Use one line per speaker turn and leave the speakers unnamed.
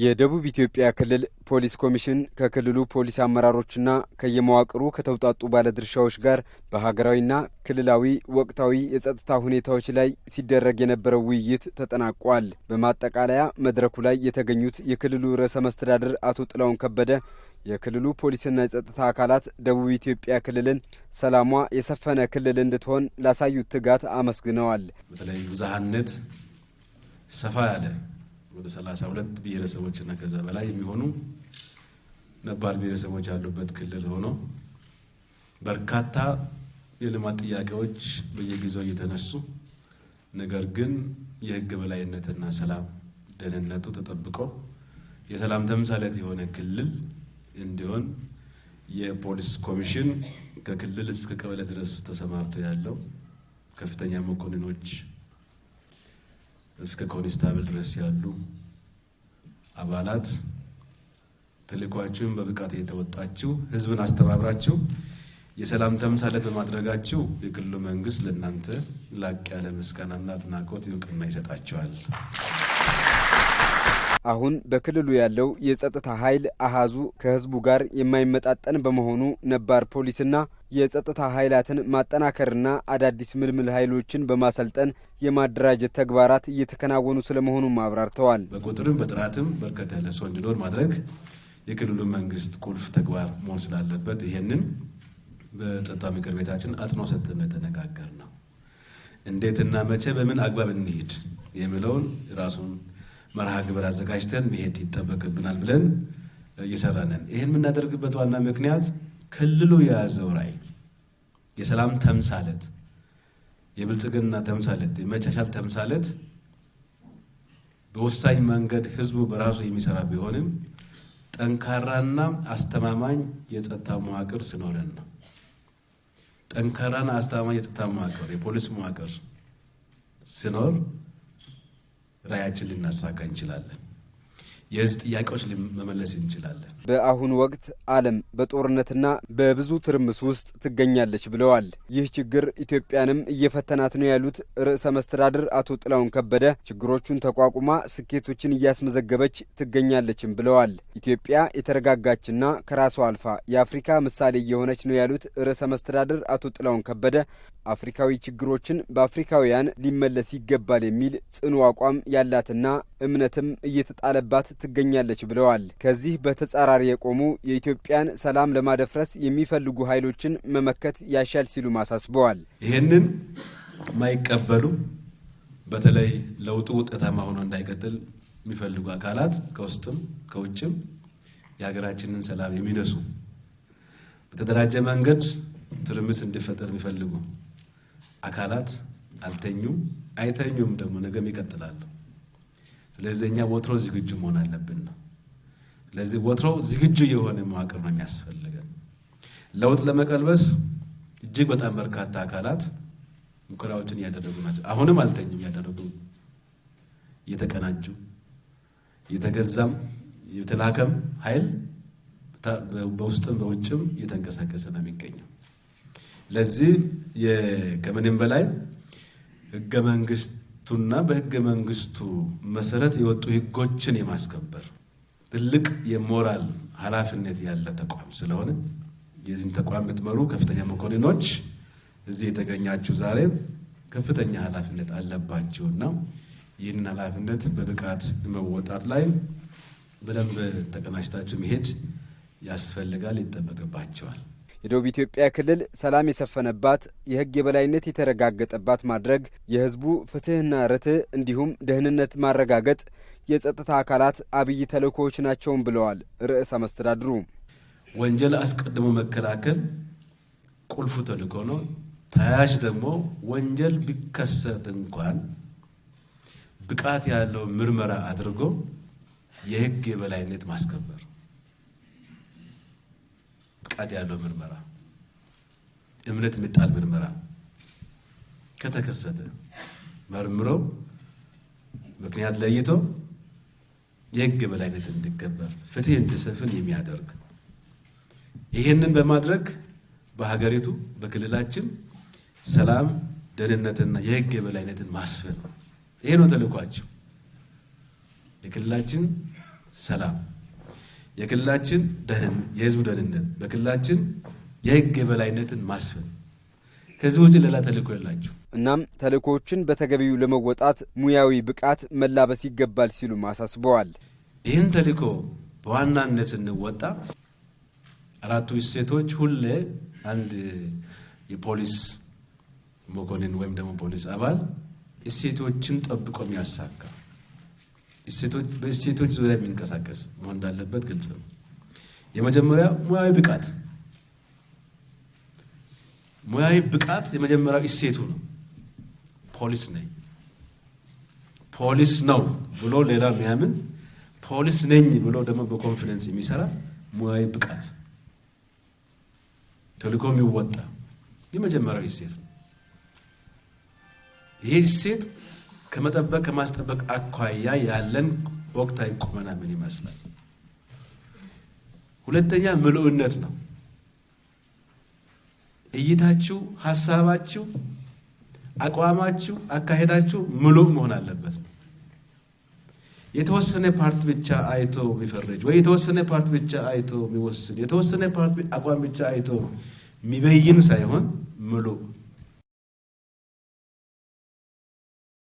የደቡብ ኢትዮጵያ ክልል ፖሊስ ኮሚሽን ከክልሉ ፖሊስ አመራሮችና ከየመዋቅሩ ከተውጣጡ ባለድርሻዎች ጋር በሀገራዊና ክልላዊ ወቅታዊ የጸጥታ ሁኔታዎች ላይ ሲደረግ የነበረው ውይይት ተጠናቋል። በማጠቃለያ መድረኩ ላይ የተገኙት የክልሉ ርዕሰ መስተዳድር አቶ ጥላውን ከበደ የክልሉ ፖሊስና የጸጥታ አካላት ደቡብ ኢትዮጵያ ክልልን ሰላሟ የሰፈነ ክልል እንድትሆን ላሳዩት ትጋት አመስግነዋል።
በተለይ ብዝሃነት ሰፋ ያለ ወደ 32 ብሔረሰቦች እና ከዛ በላይ የሚሆኑ ነባር ብሔረሰቦች ያሉበት ክልል ሆኖ በርካታ የልማት ጥያቄዎች በየጊዜው እየተነሱ ነገር ግን የሕግ በላይነትና ሰላም ደህንነቱ ተጠብቆ የሰላም ተምሳሌት የሆነ ክልል እንዲሆን የፖሊስ ኮሚሽን ከክልል እስከ ቀበሌ ድረስ ተሰማርቶ ያለው ከፍተኛ መኮንኖች እስከ ኮንስታብል ድረስ ያሉ አባላት ተልዕኳችሁን በብቃት የተወጣችሁ ህዝብን አስተባብራችሁ የሰላም ተምሳሌት በማድረጋችሁ የክልሉ መንግስት ለእናንተ ላቅ ያለ ምስጋናና አድናቆት እውቅና ይሰጣችኋል።
አሁን በክልሉ ያለው የጸጥታ ኃይል አሃዙ ከህዝቡ ጋር የማይመጣጠን በመሆኑ ነባር ፖሊስና የጸጥታ ኃይላትን ማጠናከርና አዳዲስ ምልምል ኃይሎችን በማሰልጠን የማደራጀት ተግባራት እየተከናወኑ ስለመሆኑ አብራርተዋል።
በቁጥርም በጥራትም በርከት ያለ ሰው እንዲኖር ማድረግ የክልሉ መንግስት ቁልፍ ተግባር መሆን ስላለበት ይህንን በጸጥታ ምክር ቤታችን አጽንኦ ሰጥተን የተነጋገር ነው። እንዴትና መቼ በምን አግባብ እንሂድ የሚለውን ራሱን መርሃ ግብር አዘጋጅተን መሄድ ይጠበቅብናል ብለን እየሰራንን። ይህን የምናደርግበት ዋና ምክንያት ክልሉ የያዘው ራዕይ የሰላም ተምሳለት፣ የብልጽግና ተምሳለት፣ የመቻቻል ተምሳለት በወሳኝ መንገድ ህዝቡ በራሱ የሚሰራ ቢሆንም ጠንካራና አስተማማኝ የጸጥታ መዋቅር ስኖረን ነው። ጠንካራና አስተማማኝ የጸጥታ መዋቅር የፖሊስ መዋቅር ሲኖር ራዕያችን ልናሳካ እንችላለን። የህዝብ ጥያቄዎች መመለስ እንችላለን።
በአሁኑ ወቅት ዓለም በጦርነትና በብዙ ትርምስ ውስጥ ትገኛለች ብለዋል። ይህ ችግር ኢትዮጵያንም እየፈተናት ነው ያሉት ርዕሰ መስተዳድር አቶ ጥላሁን ከበደ ችግሮቹን ተቋቁማ ስኬቶችን እያስመዘገበች ትገኛለችም ብለዋል። ኢትዮጵያ የተረጋጋችና ከራሷ አልፋ የአፍሪካ ምሳሌ እየሆነች ነው ያሉት ርዕሰ መስተዳድር አቶ ጥላሁን ከበደ አፍሪካዊ ችግሮችን በአፍሪካውያን ሊመለስ ይገባል የሚል ጽኑ አቋም ያላትና እምነትም እየተጣለባት ትገኛለች ብለዋል። ከዚህ በተጻራሪ የቆሙ የኢትዮጵያን ሰላም ለማደፍረስ የሚፈልጉ ኃይሎችን መመከት ያሻል ሲሉ አሳስበዋል።
ይህንን ማይቀበሉ በተለይ ለውጡ ውጤታማ ሆኖ እንዳይቀጥል የሚፈልጉ አካላት ከውስጥም ከውጭም የሀገራችንን ሰላም የሚነሱ በተደራጀ መንገድ ትርምስ እንዲፈጠር የሚፈልጉ አካላት አልተኙም አይተኙም፣ ደግሞ ነገም ይቀጥላሉ። ስለዚህ እኛ ወትሮ ዝግጁ መሆን አለብን ነው። ስለዚህ ወትሮ ዝግጁ የሆነ መዋቅር ነው የሚያስፈልገን። ለውጥ ለመቀልበስ እጅግ በጣም በርካታ አካላት ሙከራዎችን እያደረጉ ናቸው። አሁንም አልተኙም፣ እያደረጉ እየተቀናጁ እየተገዛም የተላከም ኃይል በውስጥም በውጭም እየተንቀሳቀሰ ነው የሚገኘው። ለዚህ ከምንም በላይ ህገ መንግስት ቱና በህገ መንግስቱ መሰረት የወጡ ህጎችን የማስከበር ትልቅ የሞራል ኃላፊነት ያለ ተቋም ስለሆነ የዚህን ተቋም የምትመሩ ከፍተኛ መኮንኖች እዚህ የተገኛችሁ ዛሬ ከፍተኛ ኃላፊነት አለባችሁና ይህንን ኃላፊነት በብቃት መወጣት ላይ በደንብ ተቀናጅታችሁ መሄድ ያስፈልጋል፣ ይጠበቅባቸዋል።
የደቡብ ኢትዮጵያ ክልል ሰላም የሰፈነባት የህግ የበላይነት የተረጋገጠባት ማድረግ የህዝቡ ፍትህና ርትህ እንዲሁም ደህንነት ማረጋገጥ የጸጥታ አካላት አብይ ተልእኮዎች ናቸውም ብለዋል ርዕሰ መስተዳድሩ።
ወንጀል አስቀድሞ መከላከል ቁልፉ ተልእኮ ነው። ተያያዥ ደግሞ ወንጀል ቢከሰት እንኳን ብቃት ያለው ምርመራ አድርጎ የህግ የበላይነት ማስከበር ፍቃድ ያለው ምርመራ፣ እምነት የሚጣል ምርመራ ከተከሰተ መርምረው ምክንያት ለይተው የህግ በላይነት እንዲከበር ፍትህ እንዲሰፍን የሚያደርግ ይህንን በማድረግ በሀገሪቱ በክልላችን ሰላም፣ ደህንነትና የህግ የበላይነትን ማስፈን ይሄ ነው ተልኳቸው የክልላችን ሰላም የክልላችን የህዝቡ ደህንነት በክልላችን የህግ የበላይነትን ማስፈን ከዚህ ውጭ ሌላ ተልእኮ የላችሁ።
እናም ተልእኮዎችን በተገቢው ለመወጣት ሙያዊ ብቃት መላበስ ይገባል ሲሉ አሳስበዋል።
ይህን ተልእኮ በዋናነት ስንወጣ አራቱ እሴቶች ሁሌ አንድ የፖሊስ መኮንን ወይም ደግሞ ፖሊስ አባል እሴቶችን ጠብቆ የሚያሳካ በእሴቶች ዙሪያ የሚንቀሳቀስ መሆን እንዳለበት ግልጽ ነው። የመጀመሪያ ሙያዊ ብቃት ሙያዊ ብቃት የመጀመሪያው እሴቱ ነው። ፖሊስ ነኝ ፖሊስ ነው ብሎ ሌላ የሚያምን ፖሊስ ነኝ ብሎ ደግሞ በኮንፊደንስ የሚሰራ ሙያዊ ብቃት ቴሌኮም ይወጣ የመጀመሪያው እሴት ነው። ይሄ እሴት ከመጠበቅ ከማስጠበቅ አኳያ ያለን ወቅታዊ ቁመና ምን ይመስላል? ሁለተኛ ምልኡነት ነው። እይታችሁ፣ ሀሳባችሁ፣ አቋማችሁ፣ አካሄዳችሁ ምሉእ መሆን አለበት። የተወሰነ ፓርት ብቻ አይቶ የሚፈረጅ ወይ የተወሰነ ፓርት ብቻ አይቶ የሚወስን የተወሰነ ፓርት አቋም ብቻ አይቶ የሚበይን ሳይሆን ምሉእ